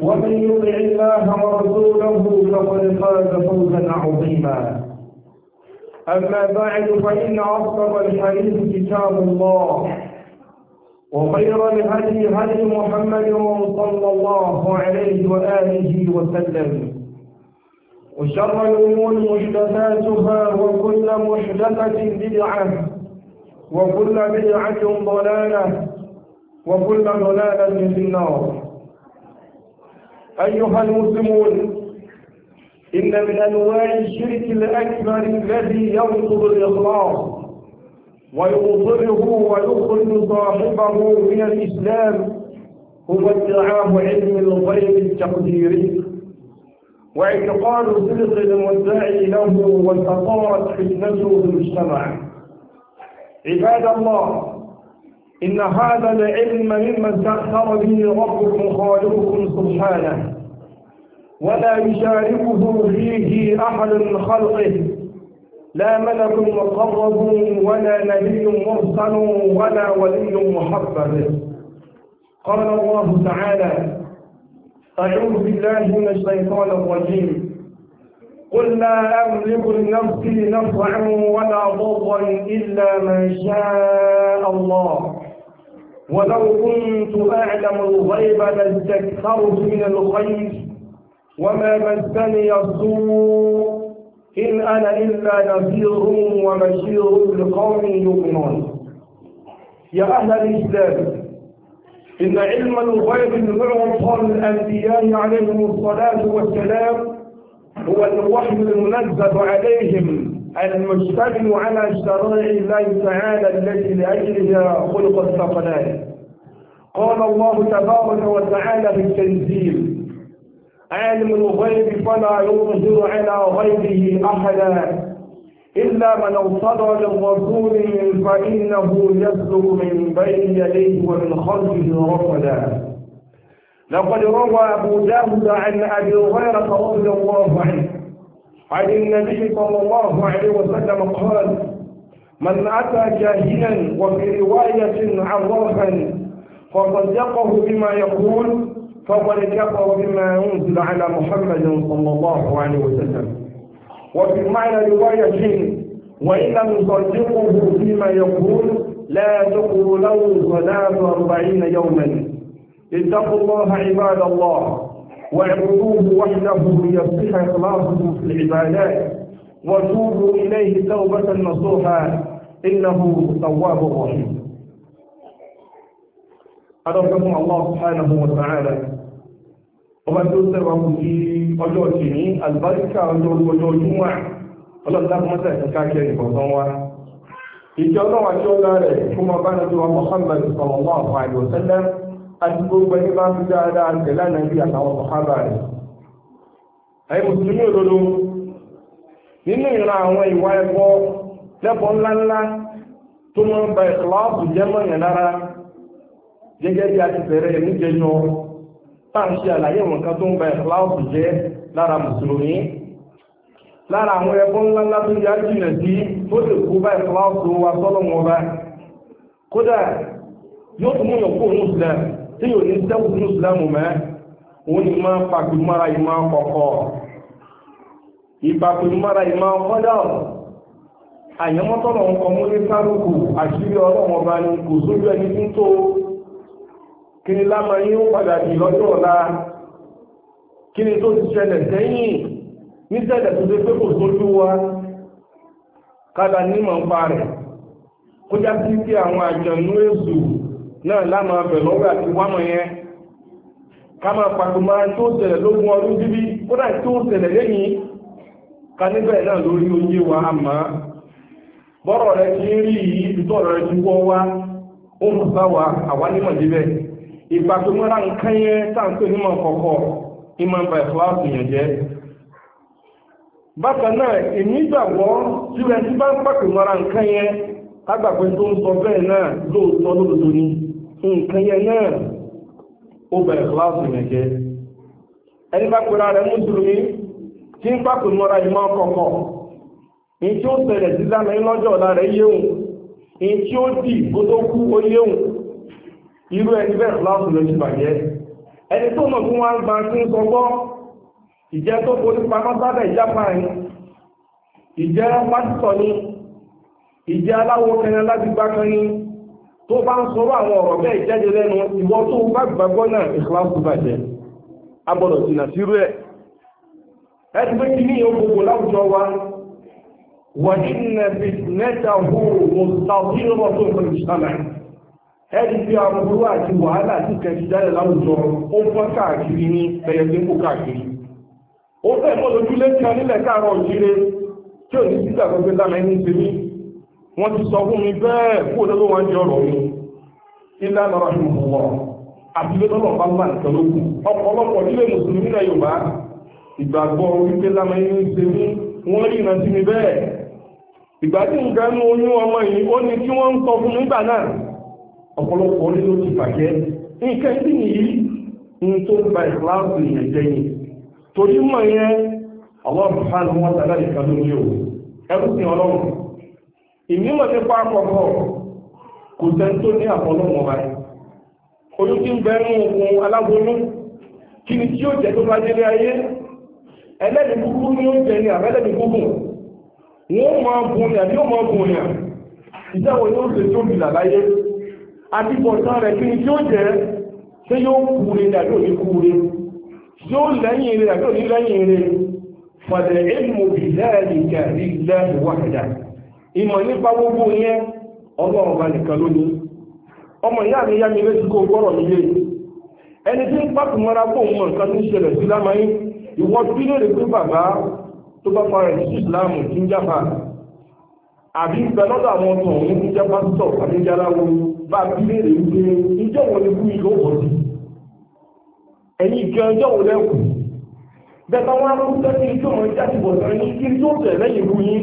ومن يطع الله ورسوله فقد فاز فوزا عظيما أما بعد فإن أصدق الحديث كتاب الله وخير الهدي هدي محمد صلى الله عليه وآله وسلم وشر الأمور محدثاتها وكل محدثة بدعة وكل بدعة ضلالة وكل ضلالة في النار أيها المسلمون إن من أنواع الشرك الأكبر الذي ينقض الإخلاص ويضره ويخرج صاحبه من الإسلام هو ادعاء علم الغيب التقديري واعتقاد صدق المدعي له وانتصارت فتنته في المجتمع عباد الله إن هذا العلم مما سخر به ربكم خالقكم سبحانه ولا يشاركه فيه أحد من خلقه لا ملك مقرب ولا نبي مرسل ولا ولي محبب قال الله تعالى أعوذ بالله من الشيطان الرجيم قل لا أملك لنفسي نفعا ولا ضرا إلا ما شاء الله ولو كنت أعلم الغيب لاستكثرت من الخير وما مسني السوء إن أنا إلا نذير وبشير لقوم يؤمنون يا أهل الإسلام إن علم الغيب المعطى للأنبياء عليهم الصلاة والسلام هو الوحي المنزل عليهم المجتمع على شرائع الله تعالى التي لأجلها خلق الثقلان قال الله تبارك وتعالى في التنزيل عالم الغيب فلا يظهر على غيبه أحدا إلا من ارتضى للرسول فإنه يسلك من بين يديه ومن خلفه رفدا لقد روى أبو داود عن أبي هريرة رضي الله عنه عن النبي صلى الله عليه وسلم قال من أتى جاهلا وفي رواية عرفا فصدقه بما يقول فقد كفر بما أنزل على محمد صلى الله عليه وسلم وفي معنى رواية وإن لم يصدقه فيما يقول لا تقول له صلاة أربعين يوما اتقوا الله عباد الله واعبدوه وحده ليصح إخلاصكم في العبادات وتوبوا إليه توبة نصوحا إنه تواب رحيم أدركم الله سبحانه وتعالى ọba tó sẹ́wà kù sí ọjọ́ ìṣìní àlùbáríkà ọjọ́ ọjọ́ ìjúmọ̀ ọlọ́dúnláàmọ́sẹ̀ ìkà kẹrì kọ̀ọ̀kan wá ìjọ náà wà tí ó dá rẹ̀ fún ọba náà tó wà Muhammad sallallahu alaihi wasallam àti gbogbo ẹni bá ń fi dáadáa tẹ̀ lánàá bí àtàwọn sọ̀hábà rẹ̀. Àyè Mùsùlùmí òdodo nínú ìran àwọn ìwà ẹ̀kọ́ lẹ́kọ̀ọ́ ńláńlá tó máa ń ìkọlọ́ọ̀bù jẹ́ mọ̀yàn lára gẹ́gẹ́ bí a ti bẹ̀rẹ̀ ẹ̀mí yọ, tá à ń ṣe àlàyé wọn kan tó ń ìkọlọ́ọ̀bù jẹ́ lára Mùsùlùmí. Lára àwọn ẹ̀kọ́ ńláńlá tó yá jìnà sí tó lè bá ìkọlọ́ọ̀bù wa Kódà yóò tún mú tí yóò ní sẹ́wù ní ìsìlámù mẹ́ òun ni máa pàpì mọ́ra ìmọ̀ kọ̀kọ̀ ìpàpì mọ́ra ìmọ̀ kọ́dà àyẹ̀mọ́tọ́lọ̀ ń sárùkù àṣírí ọlọ́run ọba kò sójú ẹni tí ń tó kí ni lámà yín ó padà dì lọ́jọ́ ọ̀la kí ni wa kádà ń pa rẹ̀ kó já sí sí àwọn àjọ̀nú naa lama bẹ̀rẹ̀ ọgbà àti wámọ̀ yẹn ká máa pàtó máa tó tẹ̀lẹ̀ lógún ọdún bíbí kódà tó tẹ̀lẹ̀ náà wa ama boro rẹ ti rí yìí ìtọ́ rẹ ti wọ́ ó sá wa àwa nímọ̀ débẹ̀ ìgbà tó mọ́ra nǹkan yẹn táǹpé nímọ̀ kọ̀kọ̀ ìmọ̀ ìgbà ìfọwọ́sì bákan náà èmi gbàgbọ́ tí ti bá ń pàtó kágbàgbé tó ń sọ bẹ́ẹ̀ náà lóòótọ́ lóòótọ́ ni nǹkan yẹn náà ó bẹ̀rẹ̀ kíláàsì rẹ̀ jẹ́ ẹni bá pera rẹ̀ mùsùlùmí tí ń pàpè mọ́ra ìmọ̀ kọ̀kọ̀ ní tí ó ṣẹlẹ̀ sí lánàá lọ́jọ́ ọ̀la rẹ̀ yéhùn ní tí ó dì bó tó kú ó yéhùn irú ẹni bẹ́ẹ̀ kíláàsì rẹ̀ ti bàjẹ́ ẹni tó mọ̀ fún wa ń gba ń sọ ìjẹ́ aláwọ̀ kẹrin lágbígbá kan ní tó bá ń sọ̀rọ̀ àwọn ọ̀rọ̀ bẹ́ẹ̀ jáde lẹ́nu ìwọ tó bá gbàgbọ́ náà ìkìláàsù bàjẹ́ agbọ́dọ̀ jìnà sírú ẹ̀ ẹ ti pé kí ní òkòkò láwùjọ wa wà nínú mẹ́ta hóró mọ̀tàwírọ̀ tó ń pẹ̀lú sálà ẹ ti fi àbúrú àti wàhálà àti kẹ̀kì jáde láwùjọ ó tí ó fẹ́ sí ìgbàgbọ́gbé lámẹ́ ní ìsinmi wọ́n ti sọ fún mi bẹ́ẹ̀ kó lọ́wọ́ wọn jẹ́ ọ̀rọ̀ mi ilá lọ́rọ̀ mi mọ̀ wọ́n àbílé lọ́rọ̀ bá wà nìkan ló ọ̀pọ̀lọpọ̀ nílé mùsùlùmí náà Yorùbá ìgbàgbọ́ wípé ń ṣe mí wọ́n rí ìran sí mi bẹ́ẹ̀ ìgbà tí nǹkan oyún ọmọ yìí ó ní kí wọ́n ń sọ fún náà ọ̀pọ̀lọpọ̀ ló ti nǹkan tí nìyí ń tó gba torí mọ̀ ìmímọ̀ nípa àkọ́kọ́ kò tẹ́ tó ní àfọlọ́mọ̀ báyìí oyún tí ń bẹnu ogun aláboyún kí ni tí ó jẹ tó bá délé ayé ẹlẹ́ni kúkú ní ó jẹ ní àbẹ́lẹ́ni kúkú wọ́n máa bùn ní àbí ó máa bùn ní ìjáwọ̀ yóò ṣe tó ìmọ̀ nípa gbogbo yẹn ọlọ́run bá nìkan lónìí ọmọ ìyá mi yá mi létí kó gbọ́rọ̀ mi lé ẹni tí ń pàtó mọ́ra bó mọ̀ nǹkan tó ń ṣẹlẹ̀ sí lámáyé ìwọ tí lè rí pé bàbá tó bá fara ìsú ìsìláàmù tí ń jápa àbí ń bẹ lọ́dọ̀ àwọn ọ̀tọ̀ òun ń jẹ́ pásítọ̀ àbíjáláwo bá bí lè rí pé ìjọ wọn ni kú ìlú ọ̀pọ̀ sí ẹ̀yìn ìjọ ọjọ́ wo lẹ́kùn bẹ́ẹ̀ bá wọn á kú tẹ́sí ìjọ wọn jáde bọ̀ sọ́yìn kí tó tẹ̀ lẹ́yìn ìlú yín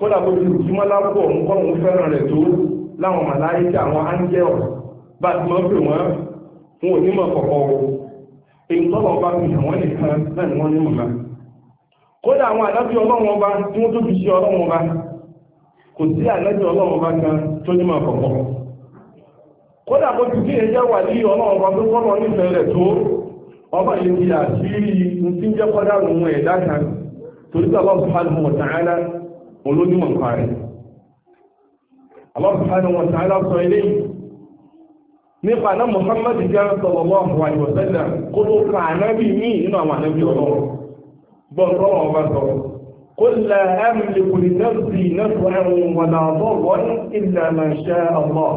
kódà bó ti túmọ́ lápò ń kọ́ òun fẹ́ràn rẹ̀ tó láwọn màláyíkà àwọn áńgẹ́ọ̀ bá ti mọ́ pè wọ́n wọn ò kọ̀kọ́ o èyí bá fi hàn wọ́n nìkan náà ni wọ́n ní kódà àwọn ọlọ́run ọba tí wọ́n tó fi ṣe ọlọ́run ọba kò sí ọlọ́run ọba kan tó ní mọ̀ kọ̀kọ́ kódà bó ti olóníwọ̀n parẹ̀ Allah subhanahu wa ta'ala sọ ilé nípa náà Muhammad jẹ́ sallallahu alaihi wa sallam kó tó ka ànábì ní inú àwọn ànábì ọlọ́run gbọ́n tọ́lọ̀ ọba sọ قل لا شاء الله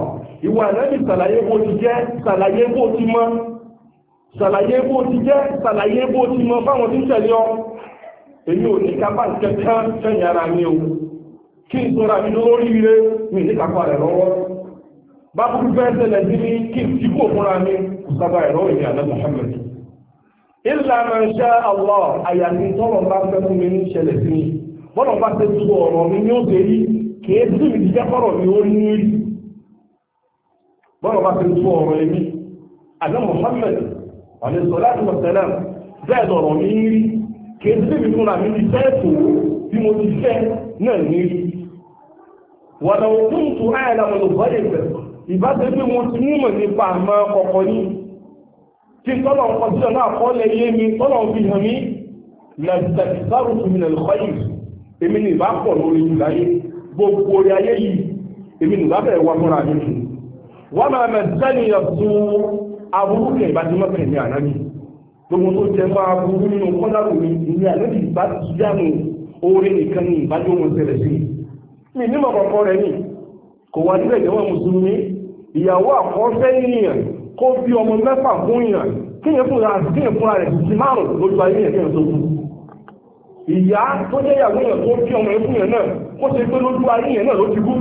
ìwà ànábì sàlàyé bó ti jẹ́ sàlàyé bó ti mọ́ sàlàyé bó ti èmi ò ní kápá ìkẹta sẹ́yìn ara mi o kí n sọ́ra mi lórí ire mi ní kápá rẹ̀ lọ́wọ́ bá kú fẹ́ ṣẹlẹ̀ sí mi kí n síkò fúnra mi kò ẹ̀rọ ìrìn àná Muhammad ìlànà iṣẹ́ Allah àyàfi tọ́lọ̀ bá fẹ́ fún mi ní ìṣẹ̀lẹ̀ sí mi bọ́lọ̀ bá ṣe tu ọ̀rọ̀ mi ní òṣè rí kìí tí mi ti jẹ́kọ̀rọ̀ mi ó ní rí bọ́lọ̀ bá ṣe tu ọ̀rọ̀ mi àná Muhammad àlẹ́ sọ́lá àti mọ̀sálàm bẹ́ẹ̀ lọ̀rọ̀ mi rí kì í sí mi fúnra mi ti fẹ́ tó bí mo ti fẹ́ náà ní rí wọ̀nà òkun tó àyàlà wọn lò bọ́lẹ̀ fẹ́ ìbáṣẹ́ pé mo ti mú mọ̀ nípa àmọ́ ọkọ̀ ní kí tọ́lọ̀ ń kọjú ọ̀nà àkọọ́lẹ̀ yé mi tọ́lọ̀ ń fi hàn mí lẹ́sẹ̀kìsárù tó mi nà lọ́kọ́ yìí èmi ní ìbá pọ̀ lórí ìlú ayé gbogbo orí ayé yìí èmi ní ìbá bẹ̀rẹ̀ wá fúnra mi fún wọ́n máa mẹ́sẹ́ni ẹ̀kú aburú kẹ̀ ìbájú mọ́kẹ̀ ní àná yìí gbogbo tó jẹ máa burú nínú kọ́dàrú mi ìní àlejò ìbá ti dànù oore nìkan ní ìbájú ohun ṣẹlẹ̀ sí mi ní mọ̀ kọ̀ọ̀kan rẹ̀ ní kò wá nílẹ̀ ìjọba mùsùlùmí ìyàwó àkọ́fẹ́ yìnyín kó bí ọmọ mẹ́fà fún yàn kíyàn fúnra kíyàn fúnra rẹ̀ ti márùn lójú ayé yẹn kíyàn tó kú ìyá tó jẹ́ ìyàwó yẹn tó bí ọmọ ẹkún yẹn náà kó ṣe pé lójú ayé yẹn náà ló ti kú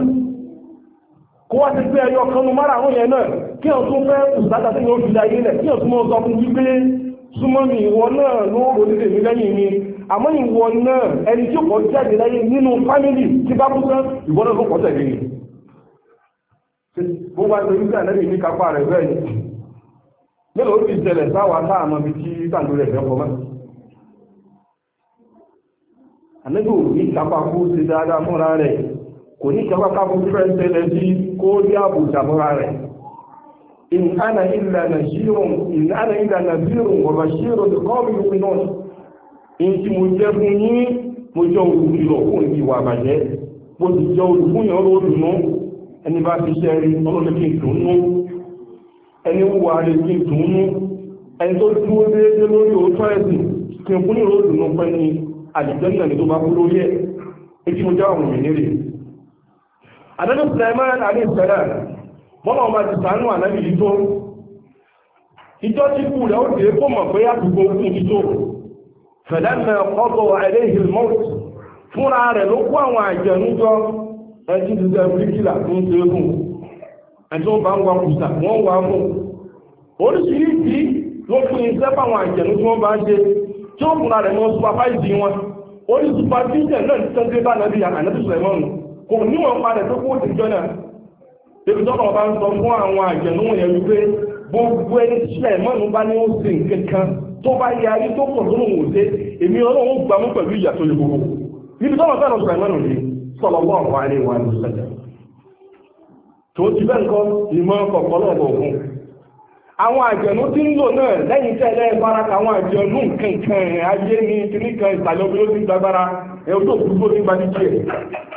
kó wá ti pé ẹyọ kanu márùn yẹn náà kíyàn tó fẹ́ kùsàtà sí ní oṣù ayé rẹ̀ kíyàn tó mọ́ sọ fún wípé súnmọ́ mi ìwọ náà ló rò ní tèmi lẹ́yìn mi àmọ́ ìwọ náà ẹni tí ó jáde láyé nínú tí bá kú ìwọ náà tẹ̀lé bó wá àlẹ́ kápá rẹ̀ ti tẹ̀lẹ̀ sáwà táàmà bí tí tàbí rẹ̀ fẹ́ kọmọ́ àlẹ́gbò إن أنا إلا نذير إن أنا إلا نذير وبشير لقوم يؤمنون إن تمجرني مجرد يلوكون في وابجه mojìjọ olùkún yàn ló dùnú ẹni bá fi ṣe rí ọlọ́dún kí n dùnú ẹni wà rí kí n dùnú ẹni tó dúró déédé lórí òótọ́ ẹ̀sìn kí n kún ní ló dùnú pẹ́ ni tó bá kú lórí ẹ̀ èyí mo já òun mi bọ́lá ọba ti sàánú ànábì yìí tó ìjọ tí kú rẹ̀ ó dé kó mọ̀ pé àdúgbò kún ti tó fẹ̀lẹ́mẹ̀ ọkọ̀ ẹ̀lẹ́hìn mọ́t fúnra rẹ̀ ló kó àwọn àjẹnújọ ẹtí ti sẹ́ fún ẹtí ó bá ń wà fún oríṣiríṣi ló fún rẹ̀ mọ́ supervise ti sẹ́ńdé náà débi tọ́lọ̀ bá ń sọ fún àwọn àjẹ̀nú yẹn wípé gbogbo ẹni tíṣẹ̀ mọ́nu bá ní ó sì kankan tó bá yẹ ayé tó pọ̀ lóhùn òde èmi ọlọ́run gbà mú pẹ̀lú ìyà tó yẹ gbogbo níbi tọ́lọ̀ bá lọ sọ ìmọ̀nù ni sọ̀rọ̀ bọ́ àwọn àlè wa ló sẹ̀dẹ̀ tó ti bẹ́ẹ̀ nǹkan ìmọ̀ kọ̀ọ̀kan náà bọ̀ fún àwọn àjẹ̀nú tí ń lò náà lẹ́yìn tẹ́lẹ̀ baraka àwọn àjẹ̀nú kankan ayé ni kìnnìkan ìsàlẹ̀ obìnrin ti gbàgbára ẹ̀ ojú òkú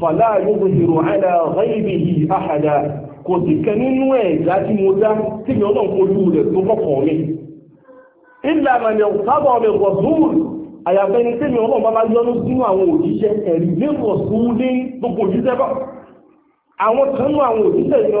fàlá yóò zèrò àdá ráìbì yìí àhàdá kò sí kan nínú ẹ̀dá tí mo dá tí mi ọlọ́run kojú rẹ̀ tó kọ̀kọ̀ mi ìlà mẹ́lẹ̀ sábọ̀ mi rọ̀ sùúrù àyàfẹ́ ni tí mi ọlọ́run bá bá yọnu sínú àwọn òjíṣẹ́ ẹ̀rí ní rọ̀ sùúrù ní gbogbo òjíṣẹ́ bá àwọn kan nú àwọn òjíṣẹ́ kò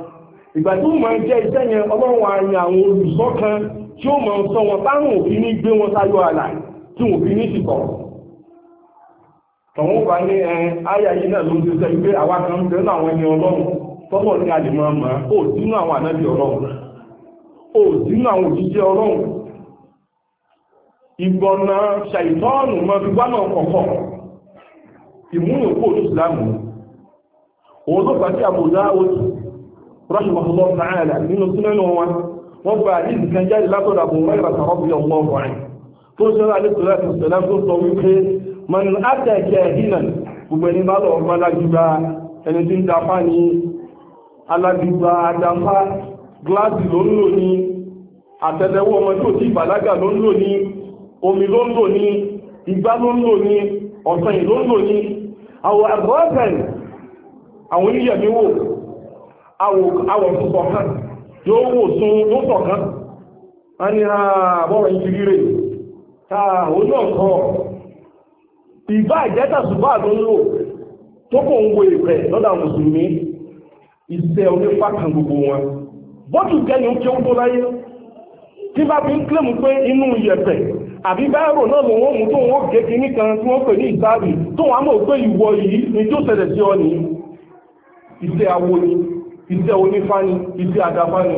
ìgbà tí ó mọ̀ jẹ́ iṣẹ́ yẹn ọlọ́run àárín àwọn olùsọ́ kan tí ó mọ̀ sọ wọn táwọn òfin ní gbé wọn sáyọ àlà tí wọn fi ní ṣìtọ̀ tọ̀wọ́n bá ní ẹ áyà yìí náà ló ń ṣiṣẹ́ pé àwa kan ń bẹ́ẹ̀ àwọn ẹni ọlọ́run tọ́lọ̀ ní àdìmọ́ mọ́ ó sínú àwọn ànábì ọlọ́run ó sínú àwọn òjíṣẹ́ ọlọ́run ìgbọ̀nà ṣàìtọ́ọ̀nù mọ́ fi gbá náà kọ̀kọ̀ ìmúnú kó òṣìṣẹ́ àmú òun ló pàṣẹ àbòdá òṣìṣẹ́ rahimahullah ta'ala nínú súnmẹ́nu wọn wọ́n gba àdìsí kan jáde látọ̀dọ̀ àbò wọ́n ìrọ̀tà rọ́bì ọmọ ọ̀rìn tó ń sọ́nà àdìsí láti sọ̀lá tó sọ wípé man atẹ̀kẹ̀ hìnà gbogbo ẹni bá lọ́wọ́ bá lágbígba ẹni tí ń dafá ni alágbígba adafá gíláàsì ló ń lò ní àtẹ́lẹwọ́ ọmọ tí ò tí awọ̀ púpọ̀ kan yóò wò tún ló pọ̀ kan a ní àbọ̀rọ̀ ìkiri rẹ̀ táà ó náà kọ́ ìbá ìjẹ́ta ṣùgbà tó ń lò tó kò ń wo ìpẹ̀ lọ́dà mùsùlùmí ìṣẹ́ onífà kan gbogbo wọn bọ́tù gẹ́ni ó kéwú tó láyé tí bá fi ń kílèmù pé inú ìyẹ̀pẹ̀ àbí báyàrò náà lòun ó mú tó wọ́n gé kí nìkan tí wọ́n pè ní ìsáàbì tó wọ́n á mọ̀ pé ìwọ yìí ni tó ṣẹlẹ̀ sí ọ nìyí iṣẹ́ awo ni iṣẹ́ onífáni iṣẹ́ àdáfáni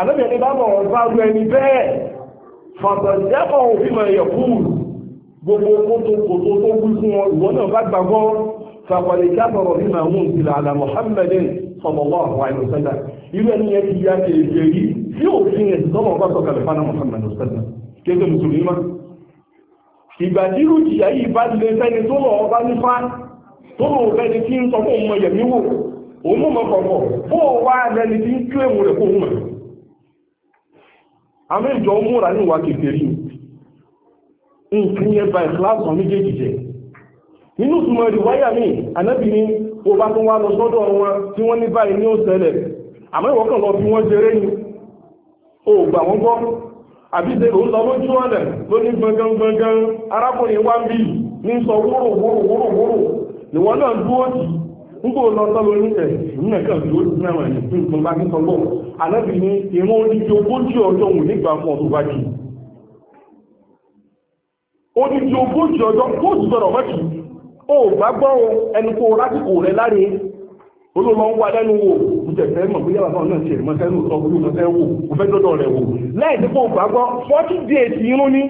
àdọ́bẹ̀ ní bábọ̀ ọ̀rọ̀ rẹ̀ ní bẹ́ẹ̀ fàtàjẹ́kọ̀ òfìmọ̀ ẹ̀yẹ̀ fún gbogbo kótókótó tó kú fún wọn ìwọ náà bá gbàgbọ́ fàpàlẹ̀ jábọ̀rọ̀ bí màá mún ìlà àlà òun mọ̀ kọ̀kọ̀ bó wá lẹ́ni tí ń kílẹ̀ mú rẹ̀ kó mọ̀ àmì ìjọ múra ní ìwà kékeré nǹkan yẹn bá ìkíláàsì wọn méjèèjì jẹ ni o bá tún wá lọ sọ́dọ̀ wọn tí wọ́n ní báyìí ní ni o gbà nígbà lọ sọ́lọ́ ní ẹ̀ nínàkà tó ó ti náà ní nǹkan bá kíkọ́ bọ̀ alábì ní ìwọ̀n odidi ogójì ọjọ́ òun nígbà fún ọdún bá jì odidi ogójì ọjọ́ tó ti sọ̀rọ̀ mọ́kì ó bá gbọ́ ẹni kó lásìkò rẹ̀ láre olóòlọ́ ń wá lẹ́nu wò ìjẹ̀fẹ́ mọ̀ bí yàrá náà ṣe mọ́ sẹ́nu sọ fún mọ́ sẹ́wò kò fẹ́ dọ́dọ̀ rẹ̀ wò lẹ́yìn gbàgbọ́ 40 days irun ní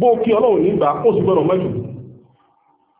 bó ọlọ́run nígbà ó sì gbọ́dọ̀ mọ́jù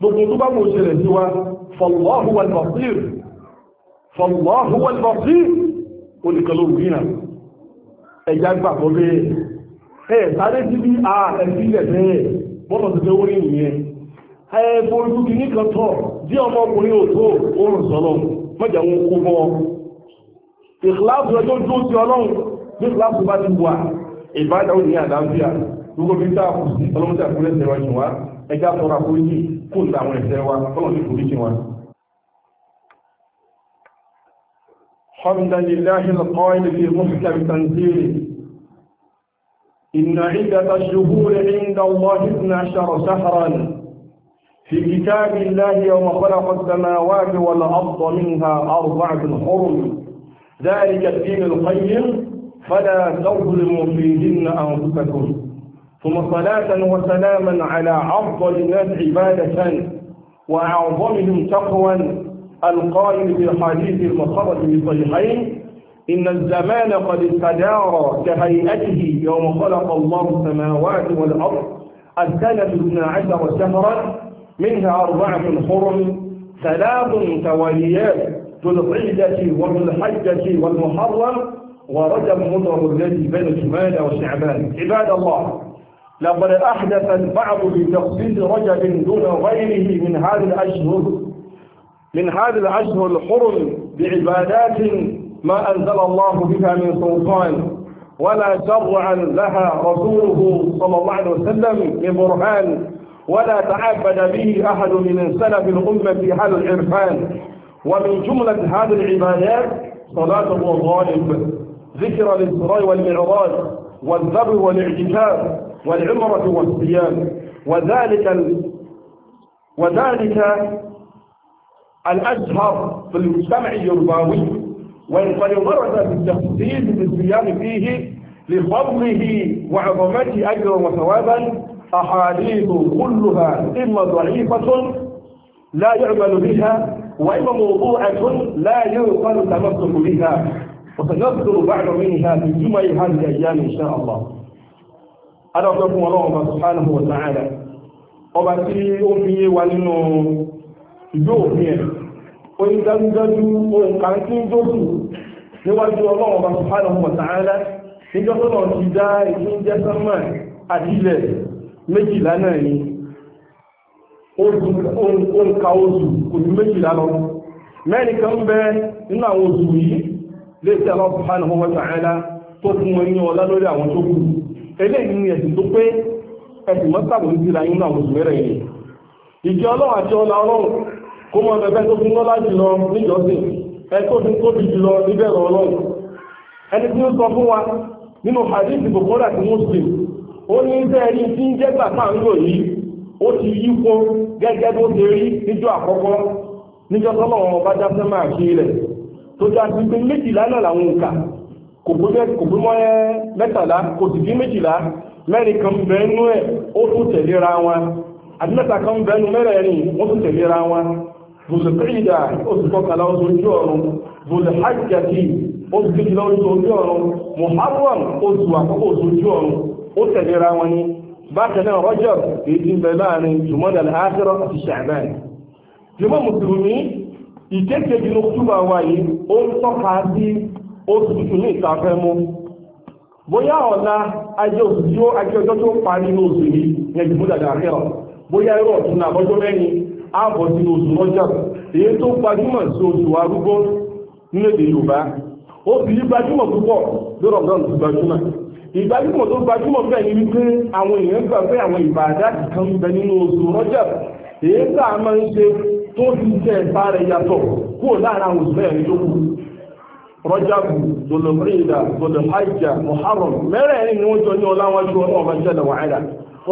gbogbo tó bá mọ̀ ṣẹlẹ̀ sí wa fallahu wal basir fallahu wal basir olùkọlù rírà ẹ̀yà gbà tó bẹ́ẹ̀ ẹ̀ sáré sí bí a ẹ̀sí ilẹ̀ bẹ́ẹ̀ bọ́nà ti fẹ́ orí ìyẹn ẹ̀ borí kí ní kan tọ̀ bí ọmọkùnrin ò tó oòrùn sọ́lọ́ mọ́jà wọn kó bọ́ ìkìláàsì ọjọ́ tó ti ọlọ́run ní ìkìláàsì bá ti wà ìbádáwò ní àdáfíà gbogbo bí táà kù sí ọlọ́mọdé àkúrẹ́sẹ̀ wáyé wá ẹjá sọ́ra fún yìí kó ìta àwọn ẹ̀ṣẹ̀ wa kọ́lọ̀ sí foríjì wa حمدا لله القائل في محكم تنزيله إن عدة الشهور عند الله اثنا عشر شهرا في كتاب الله يوم خلق السماوات والأرض منها أربعة حرم ذلك الدين القيم فلا تظلموا فيهن أنفسكم ثم صلاة وسلاما على أفضل الناس عبادة وأعظمهم تقوى القائل في الحديث المخرج في الصحيحين إن الزمان قد استدار كهيئته يوم خلق الله السماوات والأرض السنة اثنا عشر شهرا منها أربعة حرم ثلاث تواليات ذو القعدة وذو الحجة والمحرم ورجب مضر الذي بين شمال وشعبان عباد الله لقد أحدث البعض بتخصيص رجب دون غيره من هذه الأشهر من هذه الأشهر الحرم بعبادات ما أنزل الله بها من سلطان ولا شرعا لها رسوله صلى الله عليه وسلم من برهان ولا تعبد به أحد من سلف الأمة في هذا العرفان ومن جملة هذه العبادات صلاة الغالب ذكر الإسراء والمعراج والذبح والاعتكاف والعمرة والصيام وذلك وذلك الأجهر في المجتمع اليرباوي وقد ورد بالتخصيص بالصيام فيه لفضله وعظمته أجرا وثوابا أحاديث كلها إما ضعيفة لا يعمل بها وإما موضوعة لا يقال التمسك بها وسنذكر بعض منها في جمع هذه الأيام إن شاء الله adọ́gbẹ́ fún ọlọ́run bá subhanahu wa ta'ala ọba tí ó fi yé wa nínú ìjó òfin ẹ̀ ó ní dájúdájú ohun kan tí ń jókù níwájú ọlọ́run bá níjọ́ tó náà ti dá ìpín jẹ́ sánmà méjìlá náà ni ka oṣù kò ní méjìlá lọ mẹ́rin kan bẹ nínú àwọn oṣù yìí lè tẹ́lọ́ tó fún wọn ní ọlá lórí àwọn tó kù eléyìí ni ẹ̀sìn tó pé ẹ̀sìn mọ́sàbò ní ti ra yín náà mùsùlùmí rẹ̀ yìí ìjọ ọlọ́run àti ọlá ọlọ́run kó mọ ẹgbẹ́ tó fi lọ́lá jùlọ níjọsìn ẹ tó fi tóbi jùlọ níbẹ̀rẹ̀ ọlọ́run ẹni tí ó sọ fún wa nínú hadith bukola ti muslim ó ní iṣẹ́ ẹni tí ń jẹ́ gbàgbà ń lò yìí ó ti yí kó gẹ́gẹ́ bó ṣe rí níjọ́ àkọ́kọ́ ọba kò gbé mọ́ mẹ́tàlá kò sì dín méjìlá mẹ́rin kan bẹ́ẹ̀nú ẹ̀ ó tún tẹ̀léra wọn àti mẹ́ta kan bẹ́ẹ̀nú mẹ́rẹ̀ẹ̀rin ó tún tẹ̀léra wọn zòzò kéjìdá oṣù kọkànlá oṣù ojú ọ̀run zòzò hajjati oṣù kéjìlá oṣù ojú ọ̀run muharram oṣù àkọ́kọ́ oṣù ojú ọ̀run ó tẹ̀léra wọn ni bákan náà rọ́jọ́ èyí ti ń bẹ láàrin jùmọ́dà láàárọ̀ àti ṣàbẹ́ẹ̀ jùmọ́ mùsùlùmí ìkékejì ló túbà wáyé ó ń tọ́ka sí oṣù ní ìta mú bóyá ọ̀la ajé oṣù ajé ọjọ́ tó parí ní oṣù yìí ní ẹjù múdàdà àkẹ́rọ̀ bóyá irọ́ ọ̀tún náà bọ́jọ́ mẹ́rin ààbọ̀ sí oṣù lọ́jà èyí tó gbajúmọ̀ sí oṣù arúgbó nílẹ̀ Yorùbá ó fi yí gbajúmọ̀ púpọ̀ lórí ọ̀gbọ́n tó gbajúmọ̀ ìgbajúmọ̀ tó gbajúmọ̀ bẹ́ẹ̀ ni wípé àwọn èèyàn gbà pé àwọn ìbàdá kan bẹ nínú èyí a máa ń ṣe tó rẹ̀ rọ́jàbù tòlùmírìdà tòlùmájà muharram mẹ́rẹ̀ẹ̀rin ni wọ́n jọ ní ọláwájú ọlọ́ọ̀bá jẹ́lẹ̀ wàhálà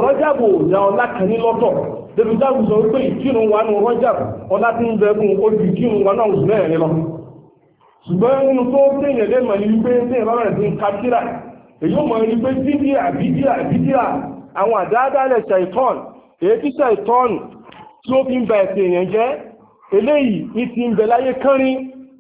rọ́jàbù dá ọlá kan ní lọ́tọ̀ dèbìtàbù sọ pé ìkírun wa nù rọ́jàbù ọlá tí ń bẹ fún ojú ìkírun wa náà mẹ́rin lọ ṣùgbọ́n nínú tó tẹ̀yẹ̀ lé mọ̀ ní wípé ní ìrọ̀rọ̀ ẹ̀sìn ń ka èyí mọ̀ ní pé dídí àbídíà àbídíà àwọn àdáadáalẹ̀ ṣàìtọ́n èyí ṣàìtọ́n tí ó fi ń ba ẹ̀sìn èèyàn jẹ́ eléyìí ní ti ń bẹ láyé kánrin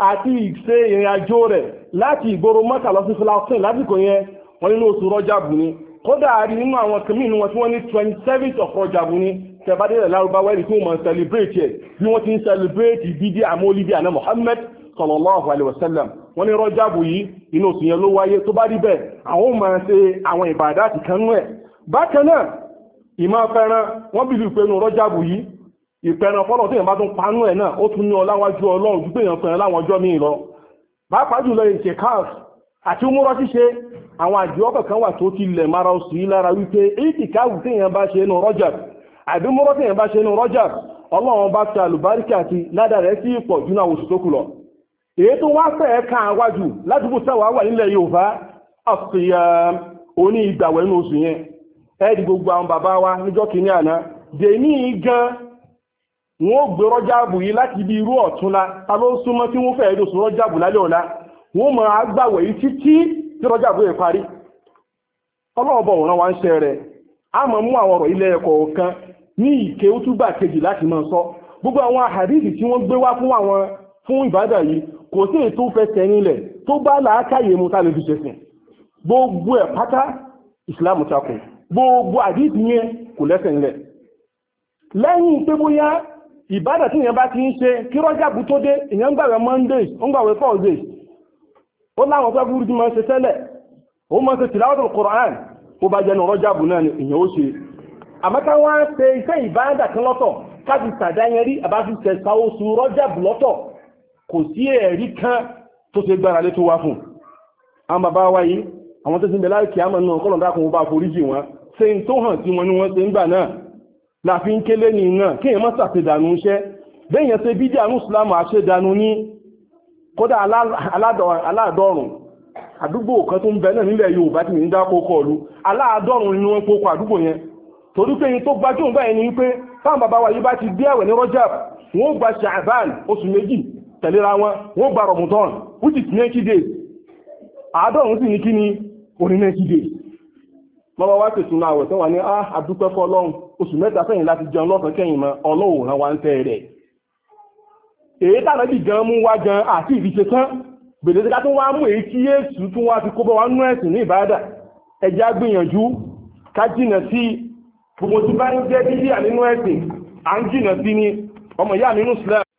àti ìṣe ìrìn àjò rẹ̀ láti ìgboro mọ́kà lọ sí filastin lásìkò yẹn wọ́n nínú oṣù rọ́jàbù ni kódà àrí nínú àwọn kìmí wọn tí wọ́n ní twenty seventh of rọ́jàbù ni tẹ̀bádé rẹ̀ lárúbáwá ẹni tí wọ́n mọ̀ ń celebrate ẹ̀ bí wọ́n ti ń celebrate ìbídí àmọ́lídìí àná Muhammad sallallahu wa wasallam wọ́n ní rọ́jàbù yìí inú oṣù yẹn ló wáyé tó bá rí bẹ́ẹ̀ àwọn ò máa ṣe àwọn ìbàdá àti kanú rọ́jàbù yìí ìpẹran fọ́lọ̀ tí èèyàn bá tún panú ẹ̀ náà ó tún ní ọláwájú ọlọ́run gbígbé èèyàn pẹ̀rẹ̀ láwọn ọjọ́ míì lọ pàápàá jùlọ ìṣe cars àti múrọ́ ṣíṣe àwọn àjọ kọ̀ọ̀kan wà tó ti lẹ̀ mara oṣù yìí lára wípé èyí káwù tí èèyàn bá ṣe nù rọ́jà àbí múrọ́ tí èèyàn bá ṣe nù rọ́jà ọlọ́run bá ta àlùbáríkà àti ládàá rẹ̀ sí pọ̀ jù náà oṣù tó kù lọ èyí tó wá fẹ́ẹ̀ kan àwájú ládùúgbò táwa wà nílẹ̀ Yorùbá àfihà oní ìgbàwẹ̀ nù oṣù yẹn ẹ́ẹ̀dì gbogbo àwọn bàbá wa níjọ́ kìíní àná dèmí gan wọn ó gbé rọ́jàbù yìí láti ibi irú ọ̀túnla ta ló súnmọ́ tí wọ́n fẹ́ẹ́ dòsùn rọ́jàbù lálẹ́ ọ̀la wọ́n máa gbàwẹ̀ yìí títí tí rọ́jàbù yẹn parí ọlọ́ọ̀bọ̀ òun wa ń ṣe rẹ̀ a máa mú àwọn ọ̀rọ̀ ilẹ̀ ẹ̀kọ́ kan ní ìké útúbà kejì láti máa sọ gbogbo àwọn àhàdìsì tí wọ́n gbé wá fún àwọn fún ìbádà yìí kò sí ètò fẹsẹ̀ nílẹ̀ tó bá làákàyè mu tálẹ̀ fi ṣẹ̀sìn gbogbo ẹ̀ pátá ìsìlámù takùn gbogbo àdìsì yẹn kò lẹ́sẹ̀ nílẹ̀ lẹ́yìn pé bóyá ìbádà tí èèyàn bá ti ń ṣe kí tode tó dé èèyàn ń gbàwẹ̀ mondays ó ń gbàwẹ̀ thursdays ó láwọn pẹ́ burúkú máa ń ṣe tẹ́lẹ̀ ó ma ń ṣe tìláwọ́tò Qur'an ó bá jẹ́ rọ́jàbù náà ni ó ṣe àmọ́ká wá ń ṣe iṣẹ́ ìbádà kan lọ́tọ̀ káàdì sàdáyẹn rí lọ́tọ̀ kò lé tó wá fún àwọn bàbá láfi ń kélé ní iná kí èèyàn mọ́sà ti dànù iṣẹ́ bẹ́yàn ṣe bídí àrùn ìsìlámù àṣẹ dànù ní kódà aláàdọ́rùn àdúgbò kan tó ń bẹ náà nílẹ̀ Yorùbá mi dá kókó ọ̀lú aláàdọ́rùn ni wọ́n kókó àdúgbò yẹn torí pé yìí tó gbajúmọ̀ báyìí ni wípé táwọn bàbá wa yìí bá ti dé ẹ̀wẹ̀ ní gba oṣù méjì wọn gba wa ní ah àdúpẹ́ oṣù mẹ́ta sẹ́yìn láti jẹun lọ́sàn kẹ́yìn mọ́ ọlọ́wọ́ rán wa ń tẹ́ rẹ̀ èyí tàbí bí gan mú wá gan àti ìfiṣe tán bèdè tí ká tún wá mú èyí tí yéésù tún wá fi kó bá wa nú ẹ̀sìn ní ìbáradà ẹjá gbìyànjú ká jìnà sí gbogbo tí bá ń jẹ́ bíbí à nínú ẹ̀sìn à ń jìnà sí ni ọmọ ìyá mi nù sílẹ̀